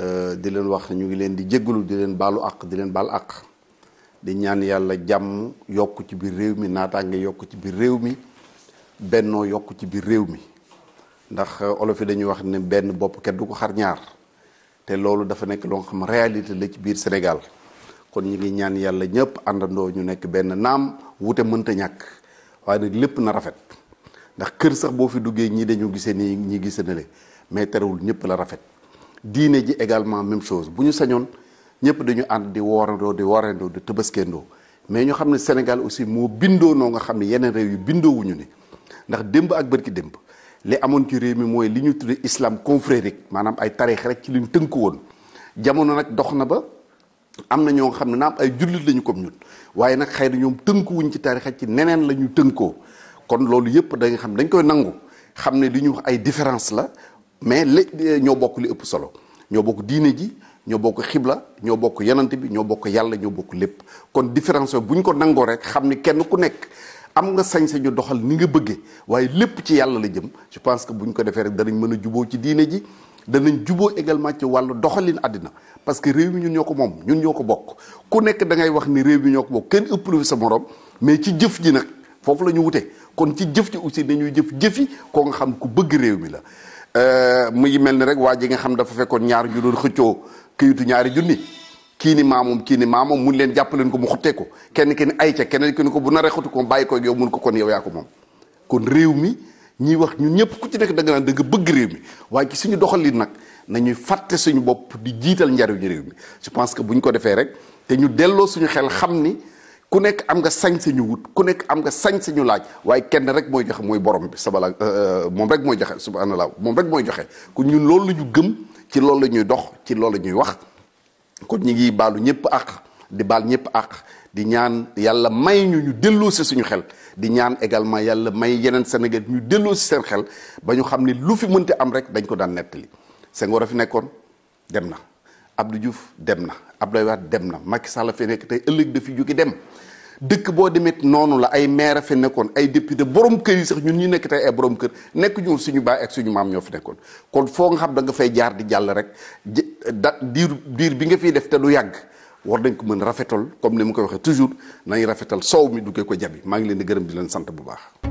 Euh, di leen wax ñu ngi leen di jéggalu di leen baalu àq di leen baal àq di ñaan yàlla jàmm yokk ci biir réew mi naataange yokk ci biir réew mi bennoo yokk ci biir réew mi ndax euh, olofi yi dañuy wax ne benn bopp kenn du ko xar te loolu dafa nekk loo xam réalité la ci biir Sénégal kon ñu ngi ñaan yàlla ñëpp àndandoo ñu nekk benn naam wute mënta ñàkk waaye nag lépp na rafet ndax kër sax boo fi duggee ñii dañu gisee nii ñii gisee ne le mais terewul ñëpp la rafet. diine ji également même chose bu ñu sañoon ñëpp dañu ànd di woorandoo di woorandoo di tëbëskendoo mais ñu xam ne Sénégal aussi moo bindoo noo nga xam ne yeneen réew yu bindoo wuñu ni ndax démb ak bërki démb li amoon ci réew mi mooy li ñu tuddee islam rek maanaam ay tarix rek ci liñ tënku woon jamono nag dox na ba am na ñoo xam ne naam ay jullit lañu comme ñun waaye nag xëy na ñoom tënkuwuñ ci tarixa ci neneen la ñu tënkoo kon loolu yëpp da xam dañ koy nangu xam ne li ñu ay différence la mais le eh, ñoo bokk li ëpp solo ñoo bokk diine ji ñoo bokk xibla ñoo bokk yanante bi ñoo bokk yàlla ñoo bokk lépp kon différence bu ñu ko nangoo rek xam ni kenn ku nekk am nga sañ-sañu doxal ni nga bëggee waaye lépp ci yàlla la jëm je pense que bu ñu ko defee rek danañ mën a juboo ci diine ji danañ juboo également ci wàllu doxalin àddina parce que réew mi ñun ñoo ko moom ñun ñoo ko bokk ku nekk da ngay wax ni réew mi ñoo ko bokk kenn ëpp sa morom mais ci jëf ji nag foofu la ñu wute kon ci jëf aussi dañuy jëf jëfi koo nga xam ku bëgg réew mi la Euh, mu ngi mel ni rek waa ji nga xam dafa fekkoon ñaar ñu doon xëccoo këyitu ñaari junni kii ni maamoom kii ni maamoom mun leen jàppaleen ko mu xottee kenn ki ni ay ca keneen ki ni ko bu naree xotti ko bàyyi ko yow mun ko kon yow yaa ko moom kon réew mi ñiy wax ñun ñëpp ku ci nekk da nga naan da bëgg réew mi waaye ci suñu doxalin nag na ñuy fatte suñu bopp di jiital njariñu réew mi je pense que bu ñu ko defee rek te ñu delloo suñu xel xam ni ku nekk am nga sañ sañu wut ku nekk am nga sañ sañu laaj waaye kenn rek mooy joxe mooy borom bi sabala euh, euh, moom rek mooy joxe subhanallah moom rek mooy joxe ku ñu loolu la ñu gëm ci loolu la ñuy dox ci loolu la ñuy wax kon ñu ngi baalu ñëpp àq di baal ñëpp àq di ñaan yàlla may ñu ñu delloo si suñu xel di ñaan également yàlla may yeneen Sénégal ñu delloo si seen xel ba ñu xam ni lu fi mënti am rek dañ ko daan nettali Senghor a fi nekkoon dem na Abdou Diouf dem na Abdoulaye Wade dem na Macky Sall fi nekk tey ëllëg dafi jóge dem dëkk boo demee noonu la ay maire fi nekkoon ay député borom kër yi sax ñun ñu nekk tey ay borom kër nekk ñu suñu baay ak suñu maam ñoo fi nekkoon kon foo nga xam da nga fay jaar di jàll rek da diir diir bi nga fiy def te du yàgg war dañ ko mën rafetal comme ni mu koy waxee toujours nañu rafetal soow mi duggee ko jabi maa ngi leen di gërëm di leen sant bu baax